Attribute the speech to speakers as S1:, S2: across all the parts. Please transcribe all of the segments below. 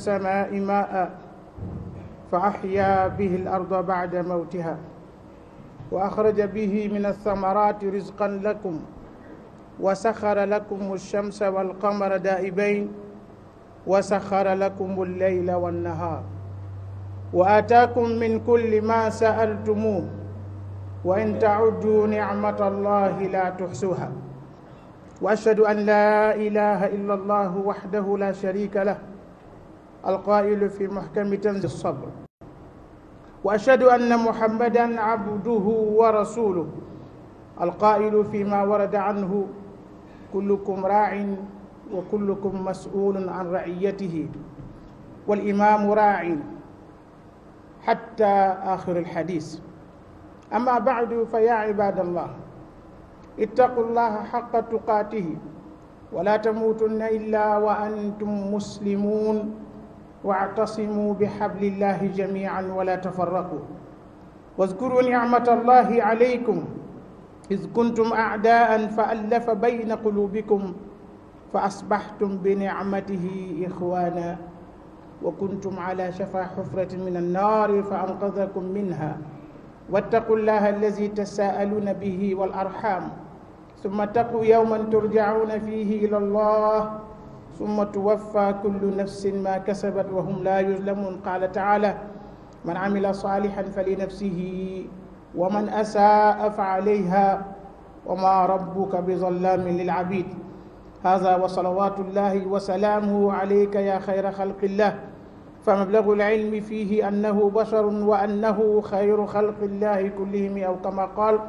S1: السماء ماء فأحيا به الأرض بعد موتها وأخرج به من الثمرات رزقا لكم وسخر لكم الشمس والقمر دائبين وسخر لكم الليل والنهار وآتاكم من كل ما سألتموه وإن تعدوا نعمة الله لا تحصوها وأشهد أن لا إله إلا الله وحده لا شريك له القائل في محكم تنزيل الصبر وأشهد أن محمدا عبده ورسوله القائل فيما ورد عنه كلكم راع وكلكم مسؤول عن رعيته والإمام راع حتى آخر الحديث أما بعد فيا عباد الله اتقوا الله حق تقاته ولا تموتن إلا وأنتم مسلمون واعتصموا بحبل الله جميعا ولا تفرقوا واذكروا نعمة الله عليكم إذ كنتم أعداء فألف بين قلوبكم فأصبحتم بنعمته إخوانا وكنتم على شفا حفرة من النار فأنقذكم منها واتقوا الله الذي تساءلون به والأرحام ثم اتقوا يوما ترجعون فيه إلى الله summa tuwaffa kullu nafsin ma kasabat wa hum laa yuzlamun qaala taala man amila salihan fa li nafsihi wa man asaa fa alayha wa ma rabbuka bi zallamin lil abid hada wa salawatullahi wa salaamuhu alayka ya xayra xalqillah fa mablagu lilmi fihi annahu basharun wa annahu xayru xalqillahi kullihim aw kama qaal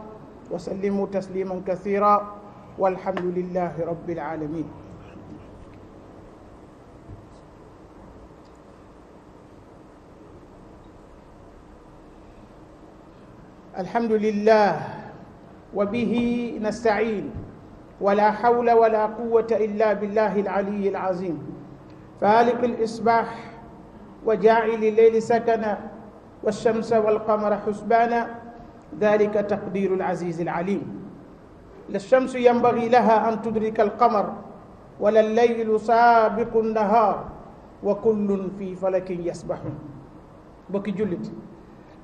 S1: wa sallimu tasliman kathira walhamdulillahi rabbil alamin الحمد لله وبه نستعين ولا حول ولا قوة إلا بالله العلي العظيم فالق الإصباح وجاعل الليل سكنا والشمس والقمر حسبانا ذلك تقدير العزيز العليم لا الشمس ينبغي لها أن تدرك القمر ولا الليل سابق النهار wa kullun fi falakin yasbahun bokki jullit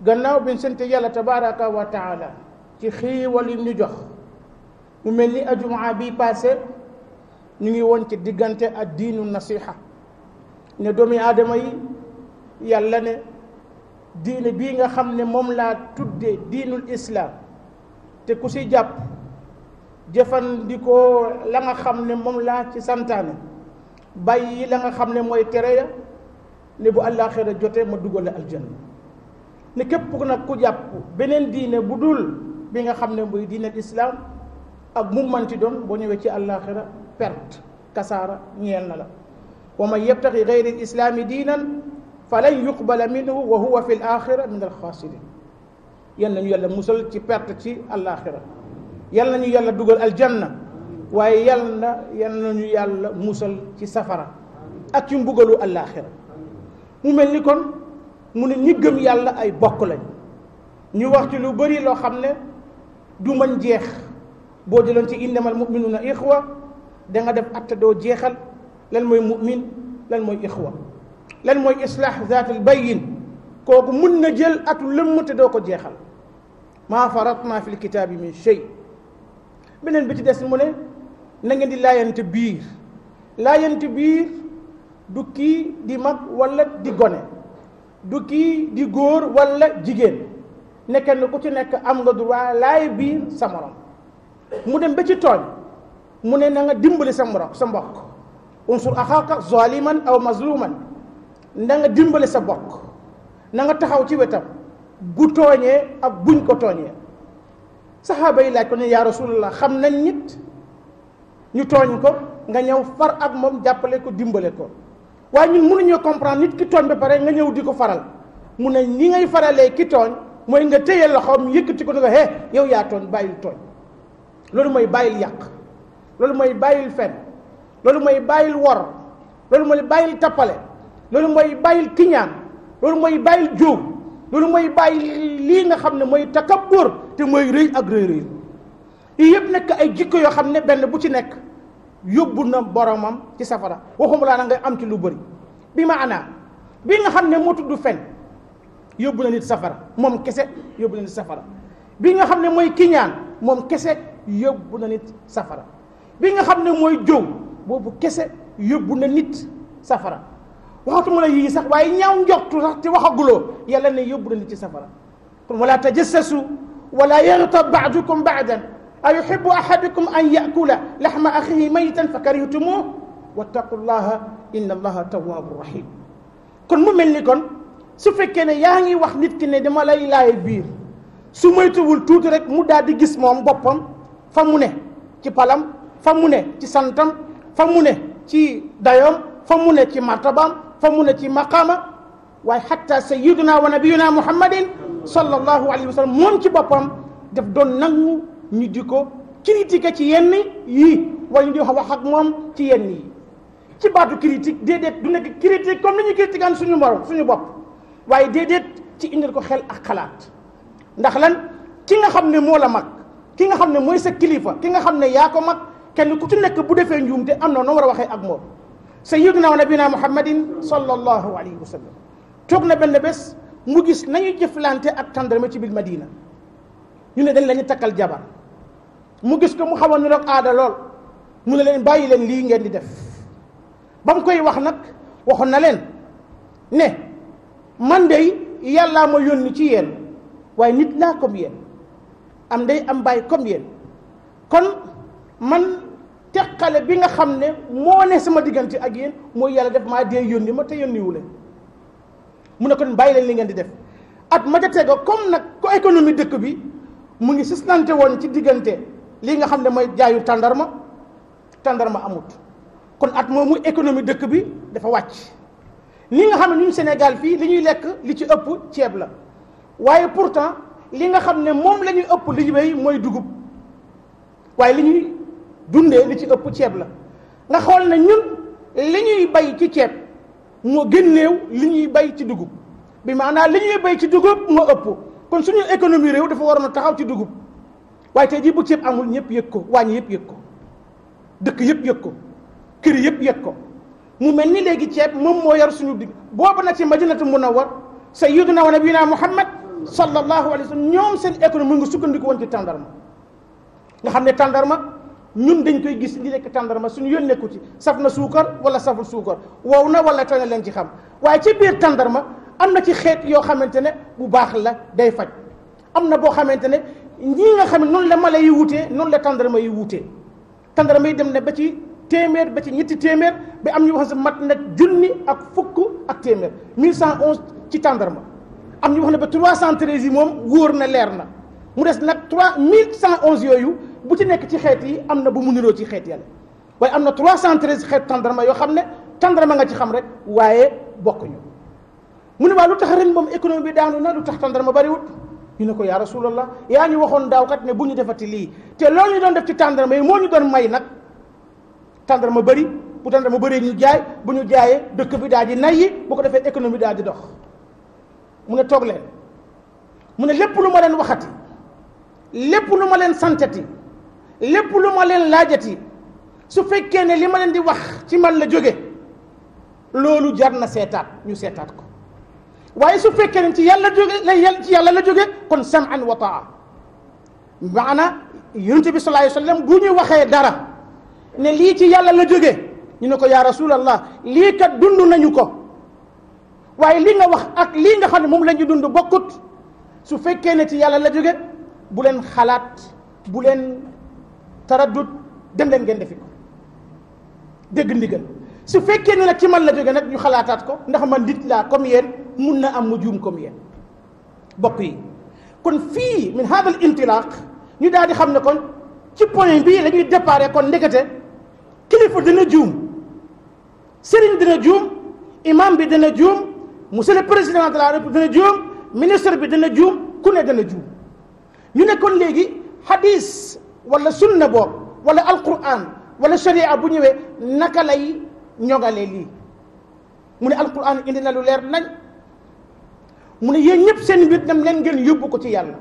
S1: gannaaw biñ sant yàlla tabaraka wa taala ci xiiwal yi ñu jox mu mel ni ajumaa bi passé ñu ngi woon ci diggante ak diinu nasiha ne doomi aadama yi yàlla ne diine bii nga xam ne moom laa tudde diinul islaam te ku si jàpp jëfandikoo la nga xam ne moom laa ci santaane bàyyi la nga xam ne mooy tere ya ne bu àllaaxira jotee ma dugal la aljanna ne képp ku nag ku jàpp beneen diine bu dul bi nga xam ne muy diine islaam ak mu manti doon boo ñëwee ci àllaaxira perte kasaara ñeel na la wa man yabtaxi gayri islaam islaami diinan falan yuqbala minhu wa huwa fi l axira min alxaasirin yal nañu yàlla musal ci perte ci àllaaxira yal nañu yàlla dugal aljanna waaye yal na yal nañu yàlla musal ci safara ak ci mbugalu àllaaxira mu mel ni kon mu ne ñi gëm yàlla ay bokk lañ ñu wax ci lu bëri loo xam ne du mën jeex boo jëloon ci innamal mu'minuna ixwa da danga def atta doo jeexal lan mooy mu'min lan mooy ixwa lan mooy islaax bay bayin kooku mën na jël at lëmm te doo ko jeexal maa faratna fil kitaabi min shay beneen bi ci des mu ne na ngeen di laayante biir laayante biir du kii di mag wala di gone du kii di góor wala jigéen ne kenn ku ci nekk am nga droit laay biir sa morom mu dem ba ci tooñ mu ne na nga dimbali sa morom sa mbokk unsur axaaka zaliman aw mazluman na nga dimbali sa mbokk na nga taxaw ci wetam gu tooñee ak guñ ko tooñee saxaaba yi laaj ko ne yaa rasulullah xam nañ nit ñu tooñ ko nga ñëw far ak moom jàppale ko dimbale ko waaye ñun mënuñoo comprendre nit ki tooñ ba pare nga ñëw di ko faral mu ne ñi ngay faralee ki tooñ mooy nga téye loxoom yëkkati ko ne ko hee yow yaa tooñ bàyyil tooñ loolu mooy bàyyil yàq loolu mooy bàyyil fen loolu mooy bàyyil wor loolu mooy bàyyil tappale loolu mooy bàyyil kiñaan loolu mooy bàyyil jóob loolu mooy bàyyi lii nga xam ne mooy takabbur te mooy rëy ak rëy rëy yi yëpp nekk ay jikko yoo xam ne benn bu ci nekk yóbbu na boromam ci safara waxuma laa na nga am ci lu bari bi ma anaa bi nga xam ne moo tudd fen yóbbu na nit safara moom kese yóbbu na nit safara bi nga xam ne mooy kiñaan moom kese yóbbu na nit nga xam ne mooy jow boobu kese yóbbu na nit safara waxatuma la yii sax waaye ñaaw njortu sax te waxaguloo yàlla ne yóbbu na nit ci safara kon wala tajassasu wala yaghtab comme ba'dan ayuhibbu ahadukum an yakula lahma axihi maytan fa karihtumuuh wattaqullaha inna allaha tawwaabu rahim kon mu mel ni kon su fekkee ne yaa ngi wax nit ki ne dama lay laay biir su moytuwul tuuti rek mu daal di gis moom boppam fa mu ne ci palam fa mu ne ci santam fa mu ne ci dayoom fa mu ne ci martabaam fa mu ne ci maqaama waaye xatta sayyiduna wa nabiyuna muhammadin sallallahu alayhi wa sallam moom ci boppam daf doon nangu ñu di ko critiquer ci yenn yii wala ñu di wax ak moom ci yenn yi ci baatu critique déedéet du nekk critique comme ni ñuy critique suñu morom suñu bopp waaye déedéet ci indil ko xel ak xalaat ndax lan ki nga xam ne moo la mag ki nga xam ne mooy sa kilifa ki nga xam ne yaa ko mag kenn ku ci nekk bu defee njuumte am na noo war a waxee ak moom sa na sayyiduna wa nabina muhammadin sallallahu alayhi wa sallam toog na benn bés mu gis nañu jëflante ak tàndarma ci biir madina ñu ne dañ la ñu takkal mu gis ko mu xaw a aada lool mu ne leen bàyyi leen lii ngeen di def ba mu koy wax nag waxoon na leen ne man dey yàllaa ma yónni ci yéen waaye nit laa kom yéen am ndey am bàyyi comme yéen kon man teqale bi nga xam ne moo ne sama diggante ak yéen mooy yàlla def maa dee yónni ma te yónniwu leen mu ne kon bàyyi leen li ngeen di def at ma ca tego comme nag ko économie dëkk bi mu ngi sislante woon ci diggante lii nga xam ne mooy jaayu tàndarma tàndarma amut kon at moomu économie dëkk bi dafa wàcc li nga xam ne ñun Sénégal fii li ñuy lekk li ci ëpp ceeb la waaye pourtant li nga xam ne moom lañuy ëpp li ñu mooy dugub waaye li ñuy dunde li ci ëpp ceeb la nga xool ne ñun li ñuy bay ci ceeb moo gën néew li ñuy bay ci dugub bi maanaam li ñuy bay ci dugub moo ëpp kon suñu économie réew dafa waroon a taxaw ci dugub waaye tey jii bu ceeb amul ñëpp yëg ko wàññi yëpp yëg ko dëkk yëpp yëg ko kër yëpp yëg ko mu mel ni léegi ceeb moom moo yar suñu digg boobu nag ci a madinatu munawwar sayyiduna wa nabiyina muhammad sallallahu alayhi wa sallam ñoom seen mu nga sukkandiku woon ci tàndarma nga xam ne tàndarma ñun dañ koy gis di lekk tàndarma suñu yoon nekku ci saf na suukar wala saful suukar wow na wala tane leen ci xam waaye ci biir tàndarma am na ci xeet yoo xamante ne bu baax la day faj am na boo xamante ne ñii nga xam ne noonu la mala yi wutee noonu la tàndarma yi wutee tàndarma yi dem na ba ci téeméer ba ci ñetti téeméer ba am ñu wax mat na junni ak fukk ak téeméer 1111 ci tàndarma am ñu ne ba 313 yi moom wóor na leer na mu des nag 3 1111 yooyu bu ci nekk ci xeet yi am na bu mu niroo ci xeet yàlla waaye am na 313 xeet tàndarma yoo xam ne tàndarma nga ci xam rek waaye bokkuñu mu ne waa lu tax ren moom économie bi daanu na lu tax tàndarma bariwul. ñu ne ko yaa rasulallah yaa ñu waxoon daaw kat ne bu ñu defati lii te loolu ñu doon def ci tàndarma yi moo ñu doon may nag ma bëri bu ma bëri ñu jaay bu ñu jaayee dëkk bi daal di nay yi bu ko defee économie daal di dox mu ne toog leen mu ne lépp lu ma leen waxati lépp lu ma leen santati lépp lu ma leen laajati su fekkee ne li ma leen di wax ci man la jóge loolu jar na seetaat ñu seetaat ko waaye su fekkee ne ci yàlla jóge lay yàlla ci yàlla la jóge kon sam'an wa taa maana yonent bi sallallahu alayhi wa sallam waxee dara ne lii ci yàlla la jóge ñu ne ko yaa rasulallah lii kat dund nañu ko waaye li nga wax ak lii nga xam ne moom la ñu dund bokkut su fekkee ne ci yàlla la jóge bu leen xalaat bu leen taraddut dem leen ngeen defi ko dégg ndigal su fekkee ne nag ci man la jóge nag ñu xalaataat ko ndax man nit laa comme yéen mun na am mu juum comme yéen bokk yi kon fii min hadal intilaq ñu daal di xam ne kon ci point bii la ñuy kon ndekete kilifa dana juum sëriñ dana juum imam bi dana juum monsieur le président de la dana juum ministre bi dana juum ku ne dana juum ñu ne kon léegi hadis wala sunna boobu wala alquran wala sharia bu ñëwee naka lay ñogalee lii mu ne alquran indi na lu leer nañ mu ne yéen ñëpp seen mbir dem leen ngeen yóbbu ko ci yàlla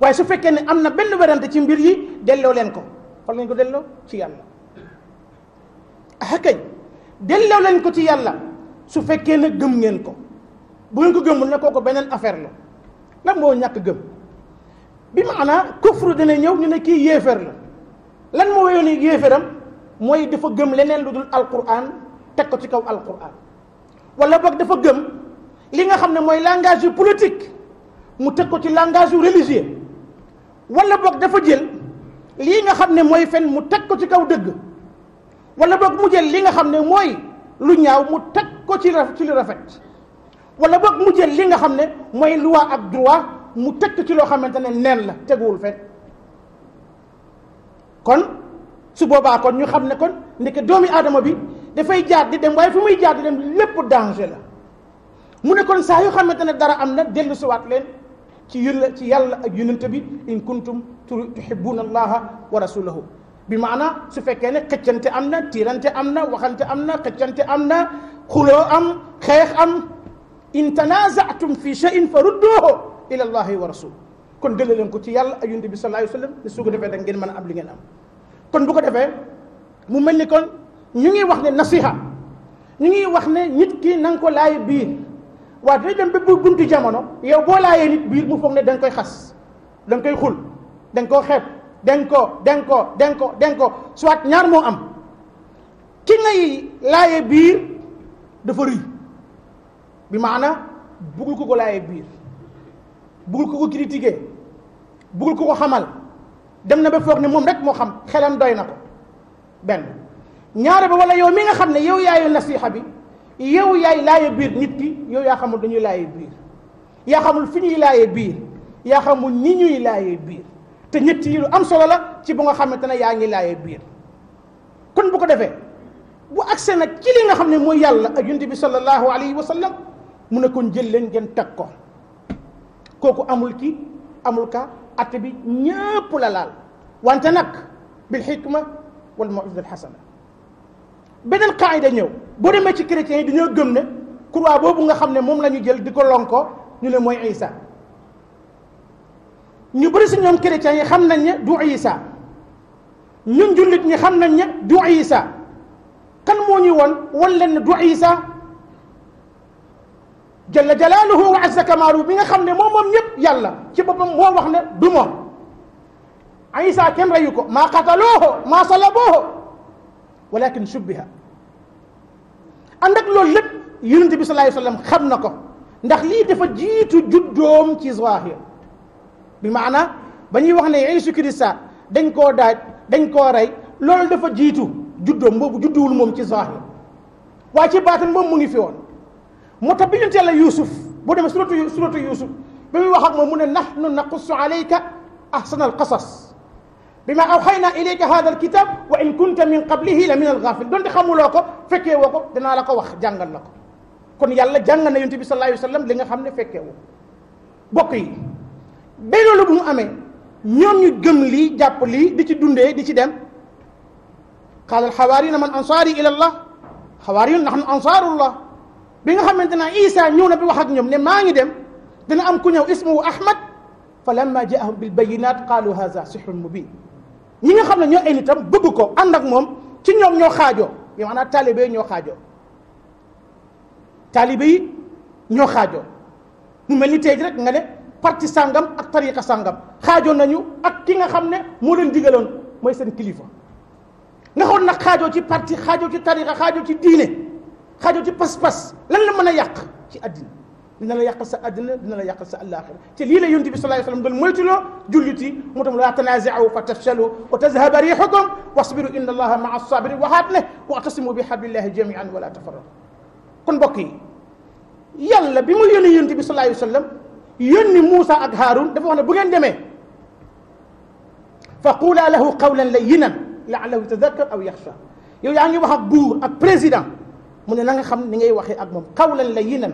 S1: waaye su fekkee ne am na benn werante ci mbir yi delloo leen ko fan lañ ko delloo ci yàlla ah kañ delloo leen ko ci yàlla su fekkee ne gëm ngeen ko bu ngeen ko gëmul nekkoo ko beneen affaire la lan moo ñàkk gëm bi maanaa kufru dina ñëw ñu ne kii yéeféer lan moo yoon yéeféeram mooy dafa gëm leneen lu dul alquran teg ko ci kaw alquran wala boog dafa gëm li nga xam ne mooy langage yu politique mu teg ko ci langage yu religieux wala boog dafa jël lii nga xam ne mooy fen mu teg ko ci kaw dëgg wala boog mu jël li nga xam ne mooy lu ñaaw mu teg ko ci ci lu rafet wala boog mu jël li nga xam ne mooy loi ak droit mu teg ci loo xamante ne neen la teguwul fen kon su boobaa kon ñu xam ne kon ndeke doomi aadama bi dafay jaar di dem waaye fu muy jaar di dem lépp danger la mu ne kon saa yoo xamante ne dara am na dellu siwaat leen ci yàlla ci yàlla ak yonent bi in kuntum tuhibbuuna allaha wa rasulahu bi maana su fekkee ne xëccante am na tiirante am na waxante am na xëccante am na xuloo am xeex am in tanaaza'tum fi shay'in fa rudduuhu ila allahi wa rasul kon dële leen ko ci yàlla ak yonent bi sallallahu alayhi wa sallam su ko defee da ngeen mën a am li ngeen am kon bu ko defee mu mel ni kon ñu ngi wax ne nasiha ñu ngi wax ne nit ki na ko laay biir waaw day dem ba bu buntu jamono yow boo laayee nit biir mu foog ne da koy xas da koy xul da koo xeeb da koo da nga koo da nga koo ñaar moo am ki ngay laajee biir dafa rëy bi maana bugul ko ko laajee biir bugul ko ko critiquer bugul ko ko xamal dem na ba foog ne moom rek moo xam xelam doy na ko benn ñaare ba wala yow mi nga xam ne yow yaayu nasiixa bi. yow yaay laaye biir nit ki yow yaa xamul dañuy laaye biir yaa xamul fi ñuy laaye biir yaa xamul ñi ñuy laaye biir te ñett yi lu am solo la ci bu nga xamante ne yaa ngi laaye biir kon bu ko defee bu agsee nag ci li nga xam ne mooy yàlla ak yonent bi sallallahu alayhi wa sallam mu ne kon leen ngeen teg ko kooku amul ki amul ka atte bi ñëpp la laal wante nag bil xikma wal mawizati al xasana beneen qaayda ñëw boo demee ci chrétiens yi dañoo gëm ne croix boobu nga xam ne moom la ñu jël di ko lonkoo ñu ne mooy Isa ñu bëri si ñoom chrétiens yi xam nañ ne du Isa ñun jullit ñi xam nañ ne du Isa kan moo ñu woon wan leen ne du Isa jalla jalaaluhu wa azza kamaalu bi nga xam ne moom moom ñëpp yàlla ci boppam moo wax ne du moom Isa kenn reyu ko maa qatalooho maa salaboho walakin shubbiha ànd ak loolu lépp yonent bi sallallahu alayhi wasallam xam na ko ndax lii dafa jiitu juddoom ci zahir bi maana ba ñuy wax ne Yeesu Kirista dañ koo daaj dañ koo rey loolu dafa jiitu juddoom boobu judduwul moom ci zahir waaye ci baatin moom mu ngi fi woon moo tax bi yonent yàlla Yuusuf boo demee suratu suratu Yuusuf ba muy wax ak moom mu ne nahnu naqussu alayka ahsanal qasas bi ma awxaynaa ilayka hada alkitab wa in kunta min qablihi la min alghafilin donte xamuloo ko fekkee woo ko danaa la ko wax jàngal la ko kon yàlla jàngal na yonent bi sallallahu alayhi wa sallam li nga xam ne fekkee woo bokk yi ba loolu bu mu amee ñoom ñu gëm lii jàpp lii di ci dundee di ci dem qaala alxawaariyuuna man ansaari ila allah xawaariyuun nahnu ansaarullah bi nga xamante naa isa ñëw na bi wax ak ñoom ne maa ngi dem dina am ku ñëw ismuhu ahmad fa lamma jaahum bilbayinat qaalu haza sihrun mubin ñi nga xam ne ñoo ay nitam bëgg ko ànd ak moom ci ñoom ñoo xaajoo bi maanaam taalibe yi ñoo xaajo taalibe yi ñoo xaajo mu mel ni tey rek nga ne parti sàngam ak tariqa sàngam xaajoo nañu ak ki nga xam ne moo leen digaloon mooy seen kilifa nga xool nag xaajoo ci parti xaajo ci tariqa xaajo ci diine xaajo ci pas-pas lan la mën a yàq ci àddina dina la yàqal sa àddina dina la yàqal sa àllaaxira te lii la yonent bi sallallahu alayhi wa sallam doon moytuloo julliti mu tam laa tanaaza'u fa tafshalu wa tazhaba riixukum wasbiru inna allaha maa sabirin waxaat ne wa'tasimu bi hablillahi jamian wala tafarraqu kon mbokk yi yàlla bi mu yónni yonent bi sallallahu alayhi wa sallam yónni Moussa ak Haroun dafa wax ne bu ngeen demee fa quulaa lahu qawlan layyinan la'allahu yatadakkar aw yaxsha yow yaa ngi wax ak buur ak président mu ne na nga xam ni ngay waxee ak moom qawlan layyinan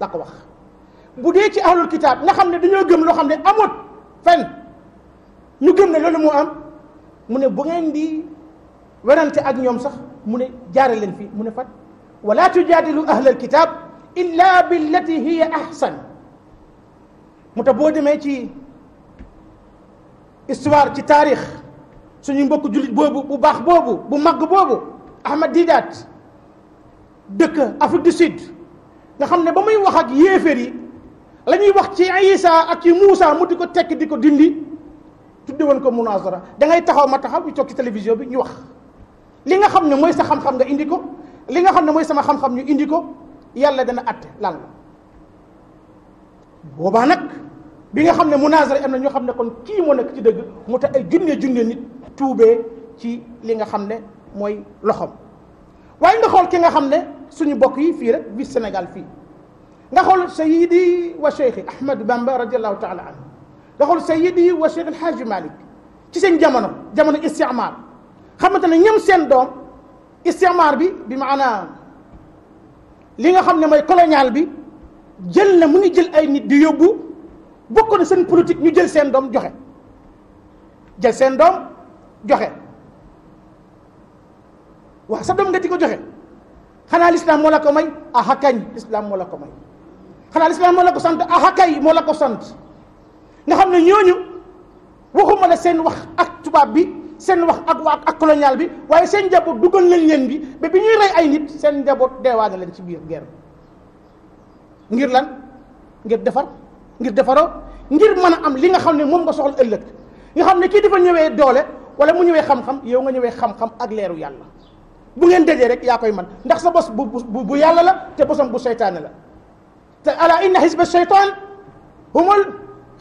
S1: la ko wax bu dee ci ahlul kitaab nga xam ne dañoo gëm loo xam ne amut fenn ñu gëm ne loolu moo am mu ne bu ngeen di werante ak ñoom sax mu ne jaare leen fii mu ne fat wala tujaadilu ahlal kitaab illa billati hiya ahsan mu tax boo demee ci histoire ci taarix suñu mbokk jullit boobu bu baax boobu bu màgg boobu Ahmad Didat dëkk Afrique du Sud nga xam ne ba muy wax ak yéeféer yi la ñuy wax ci Isa ak ci Moussa mu di ko tekk di ko dindi tudde woon ko munazara da ngay taxaw ma taxaw ñu toog ci télévision bi ñu wax li nga xam ne mooy sa xam-xam nga indi ko li nga xam ne mooy sama xam ñu indi ko yàlla dana atte lan la boobaa nag bi nga xam ne munazara na ñoo xam ne kon kii moo nekk ci dëgg mu tax ay junne junne nit tuubee ci li nga xam ne mooy loxoom waaye nga xool ki nga xam ne suñu bokk yi fii rek bi Sénégal fii nga xool sayidi wa cheikh Ahmadu Bamba radiallahu taala anhu nga xool sayidi wa cheikh El Hadj ci seen jamono jamono istimaar xamante ne ñam seen doom istimaar bi bi maanaam li nga xam ne mooy colonial bi jël na mu ngi jël ay nit di yóbbu bokk na seen politique ñu jël seen doom joxe jël seen doom joxe waaw sa doom nga di ko joxe. xanaa lislaam moo la ko may ahakañ lislaam moo la ko may xanaa lislaam moo la ko sant ahakay moo la ko sant nga xam ne ñooñu waxuma la seen wax ak tubaab bi seen wax ak waa ak colonial bi waaye seen njaboot dugal nañ leen bi ba bi ñuy rey ay nit seen njaboot deewaane leen ci biir guerre ngir lan ngir defar ngir defaroo ngir mën a am li nga xam ne moom nga soxla ëllëg nga xam ne kii dafa ñëwee doole wala mu ñëwee xam-xam yow nga ñëwee xam-xam ak leeru yàlla bu ngeen dajee rek yaa koy man ndax sa bos bu yàlla la te bosam bu seytaane la te ala inna xisba seytaan humul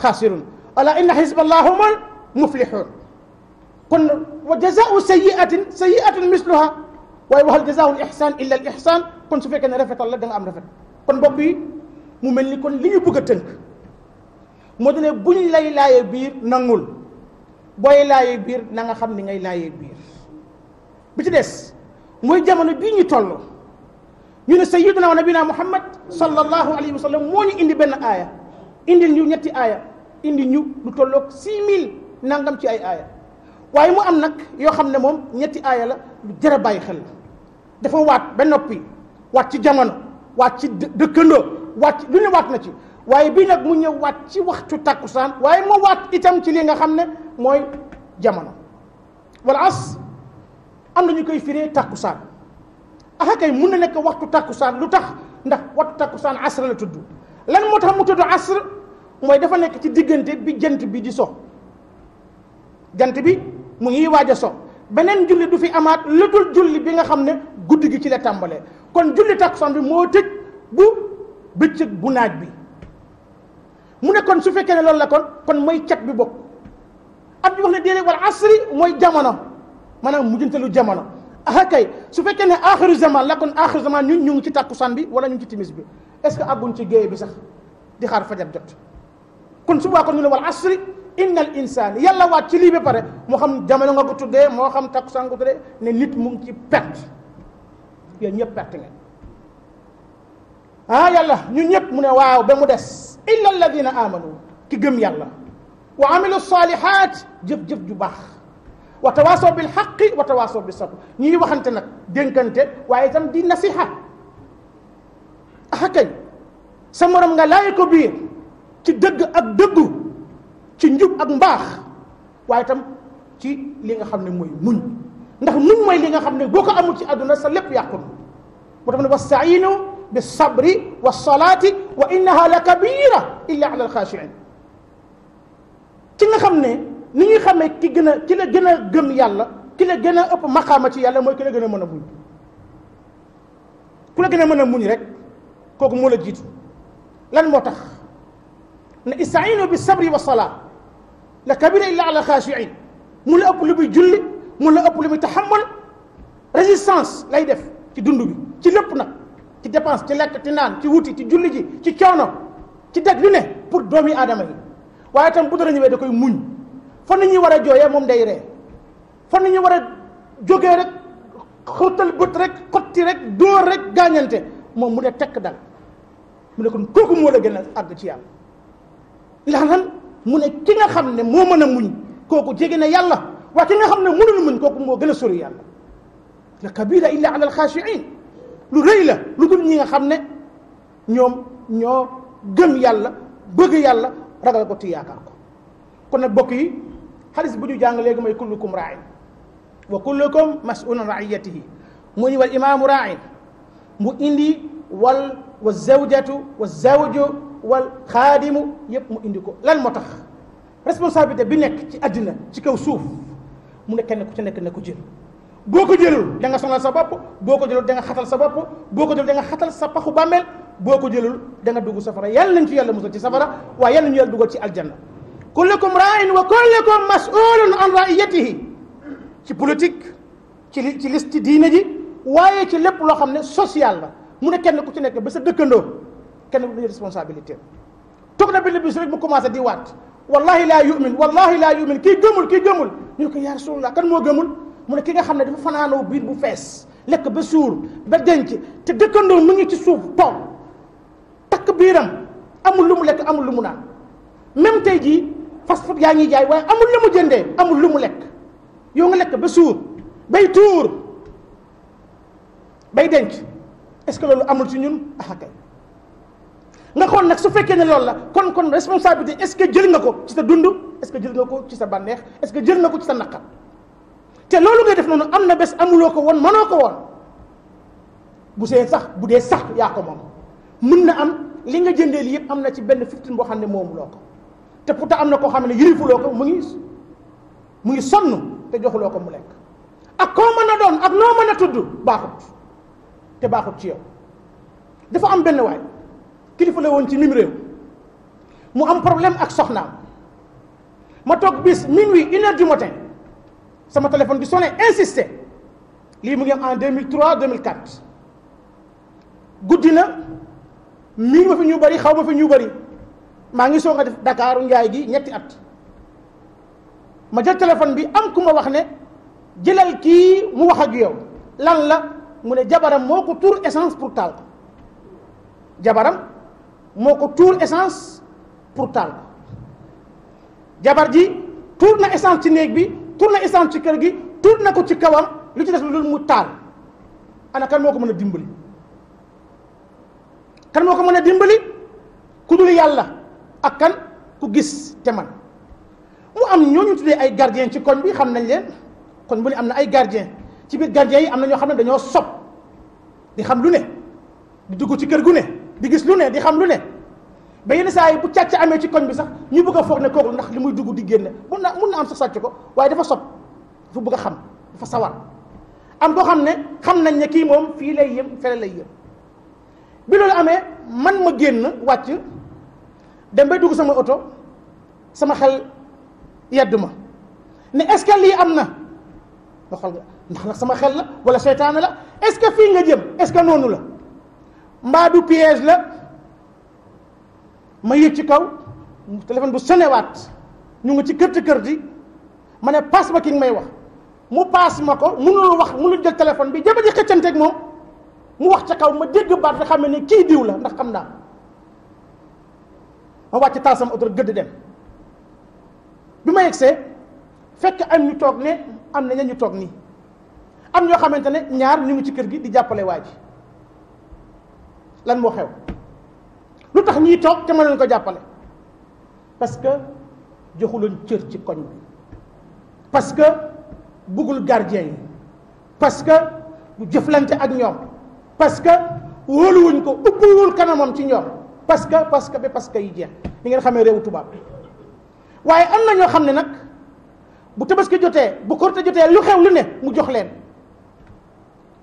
S1: xaasirun ala inna xisba allah humul muflixuun kon wa jazaau sayiatin sayiatun misluha waaye waxal jazaawul ixsaan illa al ixsaan kon su fekkee ne rafetal la da nga am rafet kon mbokk mu mel ni kon li ñu bëgg a tënk moo di ne buñ lay laayee biir nangul booy laayee biir na nga xam ni ngay laayee biir ci des mooy jamono bii ñu toll ñu ne sayyiduna wa nabina muhammad sallallahu alayhi wa moo ñu indi benn aaya indi ñu ñetti aaya indi ñu lu tolloog six mille nangam ci ay aaya waaye mu am nag yoo xam ne moom ñetti aaya la lu jar bàyyi xel la dafa waat ba noppi waat ci jamono waat ci dëkkandoo waat ci lu ne waat na ci waaye bii nag mu ñëw waat ci waxtu tàkkusaan waaye mu waat itam ci li nga xam ne mooy jamono wal as am na ñu koy firee tàkkusaan aka kay mun na nekk waxtu tàkkusaan lu tax ndax waxtu tàkkusaan asr la tudd lan moo tax mu tudd asr mooy dafa nekk ci diggante bi jant bi di so jant bi mu ngi waaj so beneen julli du fi amaat lu dul bi nga xam ne guddi gi ci la tàmbalee kon julli tàkkusaan bi moo tëj bu bëccëg naaj bi mu ne su fekkee ne la kon kon mooy bi bokk bi wax ne déedéet wal asri mooy jamono maanaam mujjantalu jamono ah kay su fekkee ne axiru zaman la kon axiru zaman ñun ñu ngi ci takkusaan bi wala ñu ngi ci timis bi est que àgguñ ci géeye bi sax di xaar fajar jot kon subaa kon ñu ne wal asri innal insaan yàlla waat ci lii ba pare moo xam jamono nga ko tuddee moo xam takkusaan nga ko tuddee ne nit mu ngi ci perte yooyu ñëpp perte ngeen ah yàlla ñun ñëpp mu ne waaw ba mu des illa alladina amanu ki gëm yàlla wa amilu salihat jëf-jëf ju baax wa tawaasoo bil xaqi wa tawaasoo bis sabr ñuy waxante nag dénkante waaye tam di nasiha ah kañ sa morom nga laaj ko ci dëgg ak dëggu ci njub ak mbaax waaye tam ci li nga xam ne mooy muñ ndax muñ mooy li nga xam ne boo ko amul ci àdduna sa lépp yàqu na moo tax ne wasta'iinu bis sabri was salaati wa innaha la kabira illa ala alxaashiin ci nga xam ne. ni ñuy xamee ki gën a ki la gën a gëm yàlla ki la gën a ëpp maqaama ci yàlla mooy ki la gën a mën a muñ ku la gën a mën a muñ rek kooku moo la jiitu lan moo tax ne istainu bi sabri wa salaa la kabira illa ala xaashiin mu la ëpp lu muy julli mu la ëpp lu muy taxammul résistance lay def ci dund bi ci lépp nag ci dépense ci lekk ci naan ci wuti ci julli ji ci coono ci deg lu ne pour doomi aadama yi waaye tam bu dara ñëwee da koy muñ fa nit ñi war a jooyee moom day ree fa nit war a jógee rek xóotal bët rek xotti rek dóor rek gaañante moom mu ne tekk dal mu ne kon kooku moo la gën a àgg ci yàlla ndax lan mu ne ki nga xam ne moo mën a muñ kooku jege na yàlla waaye ki nga xam ne mënul muñ kooku moo gën a sori yàlla la kabira illa ala alxaashiin lu rëy la lu dul ñi nga xam ne ñoom ñoo gëm yàlla bëgg yàlla ragal ko ti yaakaar ko kon nag bokk yi xadis bu ñu jàng léegi mooy kullukum raain wa kullukum masulun raiyatihi mu ni wal imaamu raain mu indi wal wa zawjatu wa zawju wal xaadimu yépp mu indi ko lan moo tax responsabilité bi nekk ci àddina ci kaw suuf mu ne kenn ku ci nekk na ko jël boo ko jëlul da nga sonal sa bopp boo ko jëlul da nga xatal sa bopp boo ko jëlul danga xatal sa paxu bàmmeel boo ko jëlul danga nga dugg safara yàlla nañ ci yàlla musal ci safara waaye yàlla nañu yàlla dugal ci aljanna kullukum raain wa kullukum masulun an raiyatihi ci politique ci li ci liste diine ji waaye ci lépp loo xam ne social la mu ne kenn ku ci nekk ba sa dëkkandoo kenn ku ne responsabilité toog na benn bis rek mu commencé di waat wallahi laa yumin wallahi laa yumin kii gëmul kii gëmul ñu ne ko yaa rasulullah kan moo gëmul mu ne ki nga xam ne dafa fanaanoo biir bu fees lekk ba suur ba denc te dëkkandoo mu ngi ci suuf toog takk biiram amul lu mu lekk amul lu mu naa même tey jii fast food yaa ngi jaay waaye amul lu mu jëndee amul lu mu lekk yow nga lekk ba suur bay tuur bay denc est-ce que loolu amul ci ñun ah kay nga xool nag su fekkee ne loolu la kon kon responsabilité est-ce que jël nga ko ci sa dund est que jël nga ko ci sa bànneex est-ce que jël nga ko ci sa naqar te loolu ngay def noonu am na bés amuloo ko woon mënoo ko woon bu see sax bu dee sax yaa ko moom mën na am li nga jëndee lii yëpp am na ci benn fifteen boo xam ne moomuloo ko. te pourtant am na koo xam ne yilifuloo ko mu ngi mu ngi sonn te joxuloo ko mu lekk ak koo mën a doon ak noo mën a tudd baaxut te baaxut ci yow dafa am benn waay kilifa la woon ci mim réew mu am problème ak soxnaam ma toog bis minuit une heure du sama téléphone bi sonné insisté lii mu ngi am en 2003 2004 guddi na mii ma fi ñu bari xaw ma fi ñu bari maa ngi soog a def dakaaru njaay gi ñetti at ma jël téléphone bi am ku ma wax ne jëlal kii mu wax ak yow lan la mu ne jabaram moo ko tuur essence pour taal ko jabaram moo ko tuur essence jabar ji tuur na essence ci néeg bi tuur na essence ci kër gi tuur na ko ci kawam lu ci des lu mu taal ana kan moo ko mën a dimbali kan moo ko mën a dimbali ku dul yàlla ak kan ku gis te man mu am ñooñu tuddee ay gardien ci koñ bi xam nañ leen kon bu ne am na ay gardien ci biir gardien yi am na ñoo xam ne dañoo sob di xam lu ne di dugg ci kër gu ne di gis lu ne di xam lu ne ba yenn saa yi bu càcc amee ci koñ bi sax ñu bëgg a foog ne kooku ndax li muy dugg di génn mun na mun na am sax sàcc ko waaye dafa sob dafa bëgg a xam dafa sawar am boo xam ne xam nañ ne kii moom fii lay yëm fere lay yëm bi loolu amee man ma génn wàcc dem bay dugg sama oto sama xel yedd ma ne est-ce lii am na nga xool nga ndax sama xel la wala seytaane la est-ce que fii nga jëm est-ce que noonu la mbaa du piège la ma yëg ci kaw téléphone bu sonewaat ñu ngi ci kër ti kër di ma ne paas ma ki may wax mu paas ma ko mënul wax mu mënul jël téléphone bi jaba ji xëccanteeg moom mu wax ca kaw ma dégg baat xam ne kii diw la ndax xam naa ma wàcc taal sama oto gëdd dem bi ma yegsee fekk am ñu toog ne am na ñu toog nii am ñoo xamante ne ñaar ñu ngi ci kër gi di jàppale waa ji lan moo xew lu tax ñuy toog te ma leen ko jàppale parce que joxuloon cër ci koñ bi parce que buggul gardien yi parce que bu jëflante ak ñoom parce que wóoluwuñ ko ubbiwul kanamam ci ñoom parce que parce que ba parce que yi jeex li ngeen xamee réewu tubaab waaye am na ñoo xam ne nag bu tabaski jotee bu korite jotee lu xew lu ne mu jox leen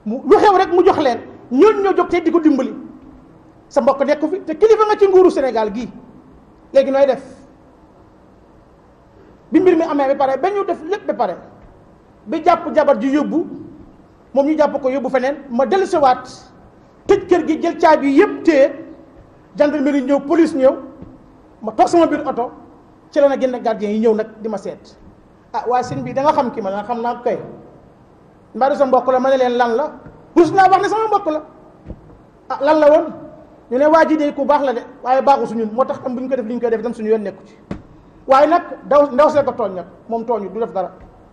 S1: mu lu xew rek mu jox leen ñooñu ñoo jóg te di ko dimbali sa mbokk nekku fi te kilifa nga ci nguuru Sénégal gi léegi nooy def bi mbir mi amee ba pare ba ñu def lépp ba pare ba jàpp jabar ji yóbbu moom ñu jàpp ko yóbbu feneen ma dellusiwaat tëj kër gi jël caabi yépp téye gendarmerie ñëw police ñëw ma toog sama biir oto ci la na genn gardien yi ñëw nag di ma seet ah waa sëñ bi da nga xam ki ma da xam naa koy mbaa du sa mbokk la ma ne leen lan la rus naa wax ne sama mbokk la ah lan la woon ñu ne waa ji de ku baax la de waaye su suñu moo tax tam bu ñu ko def li ñu koy def dem suñu yoon nekku ci waaye nag daw ndaw see ko tooñ nag moom tooñu du def dara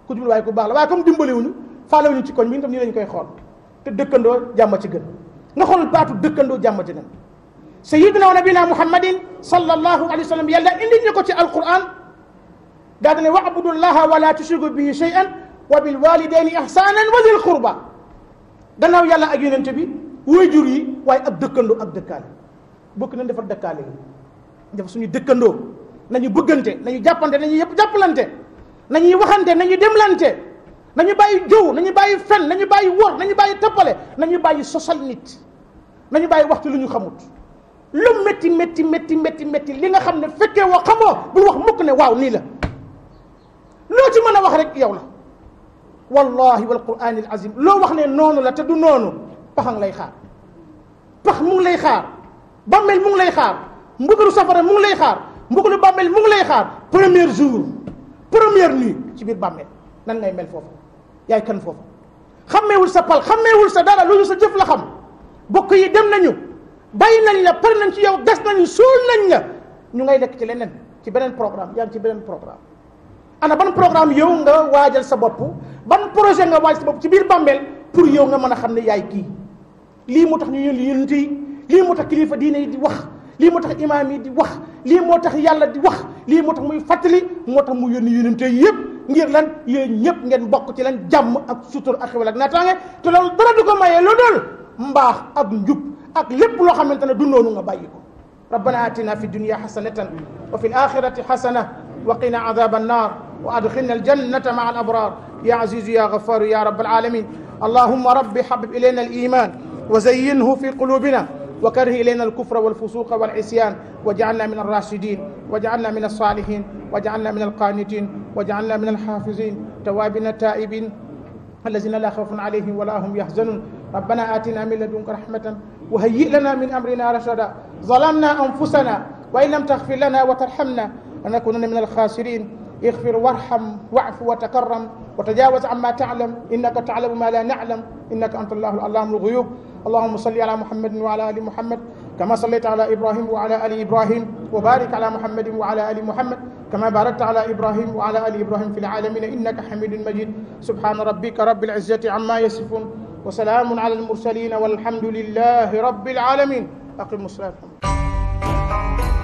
S1: ku jublu waaye ku baax la waaye comme dimbaliwuñu faalewuñu ci koñ bi ñu tam nii koy xool te dëkkandoo jàmm ci gën nga xool baatu dëkkandoo jàmm ci gën sayiduna wa nabina muhammadin sallallahu alayhi wa sallam yàlla indi ñu ko ci alquran daa dane wa abudullaha wala tushriku bihi shay'an wa bil walidayni ihsanan wa dil qurba gannaaw yàlla ak yonente bi wooy jur yi waaye ab dëkkandoo ak dëkkaale bokk nañ defar dëkkaale yi def suñu dëkkandoo nañu bëggante nañu jàppante nañu yëpp jàppalante nañuy waxante nañu demlante nañu bàyyi jëw nañu bàyyi fen nañu bàyyi wor nañu bàyyi tappale nañu bàyyi sosal nit nañu bàyyi waxtu lu ñu xamut lu métti metti metti métti metti li nga xam ne fekkee wax xamoo bul wax mukk ne waaw nii la loo ci mën a wax rek yow la wallahi wal qur'anil azim loo wax ne noonu la te du noonu pax lay xaar pax mu ngi lay xaar bàmmeel mu lay xaar mbugalu safara mu lay xaar mbugalu bàmmeel mu ngi lay xaar premier jour première nuit ci biir bàmmeel nan ngay mel foofu yaay kan foofu xammeewul sa pal xammeewul sa dara loolu sa jëf la xam bokk yi dem nañu bàyyi nañ la pare nañ ci yow des nañu soo nañ la ñu ngay nekk ci leneen ci beneen programme yaa ngi ci beneen programme ana ban programme yow nga waajal sa bopp ban projet nga waajal sa bopp ci biir bàmbeel pour yow nga mën a xam ne yaay kii lii moo tax ñu yël yënt yi lii moo tax kilifa diine yi di wax lii moo tax imaam yi di wax lii moo tax yàlla di wax lii moo tax muy fàttali moo tax mu yónni yónnante yëpp ngir lan yéen ñëpp ngeen bokk ci lan jàmm ak sutur ak xewal ak naataange te loolu dara du ko mayee lu dul mbaax ak njub ak lépp loo xamante ne du noonu nga bàyyi ko rabbana atina fi dunia xasanatan wa fi alaxirati xasana wa qina adaba annar wa adxilna aljannata maa alabrar ya azizu ya gafaru ya rab alalamin allahuma rabbi habib ilayna aliman wa zayyinhu fi qulubina وكره إلينا الكفر والفسوق والعصيان واجعلنا من الراشدين واجعلنا من الصالحين واجعلنا من القانتين واجعلنا من الحافظين توابنا تائبين الذين لا خوف عليهم ولا هم يحزنون ربنا آتنا من لدنك رحمة وهيئ لنا من أمرنا رشدا ظلمنا أنفسنا وإن لم تغفر لنا وترحمنا لنكونن من الخاسرين اغفر وارحم واعف وتكرم وتجاوز عما تعلم إنك تعلم ما لا نعلم إنك أنت الله علام الغيوب اللهم صل على محمد وعلى آل محمد كما صليت على إبراهيم وعلى آل إبراهيم وبارك على محمد وعلى آل محمد كما باركت على إبراهيم وعلى آل إبراهيم في العالمين إنك حميد مجيد سبحان ربك رب العزة عما يصفون وسلام على المرسلين والحمد لله رب العالمين أقم الصلاة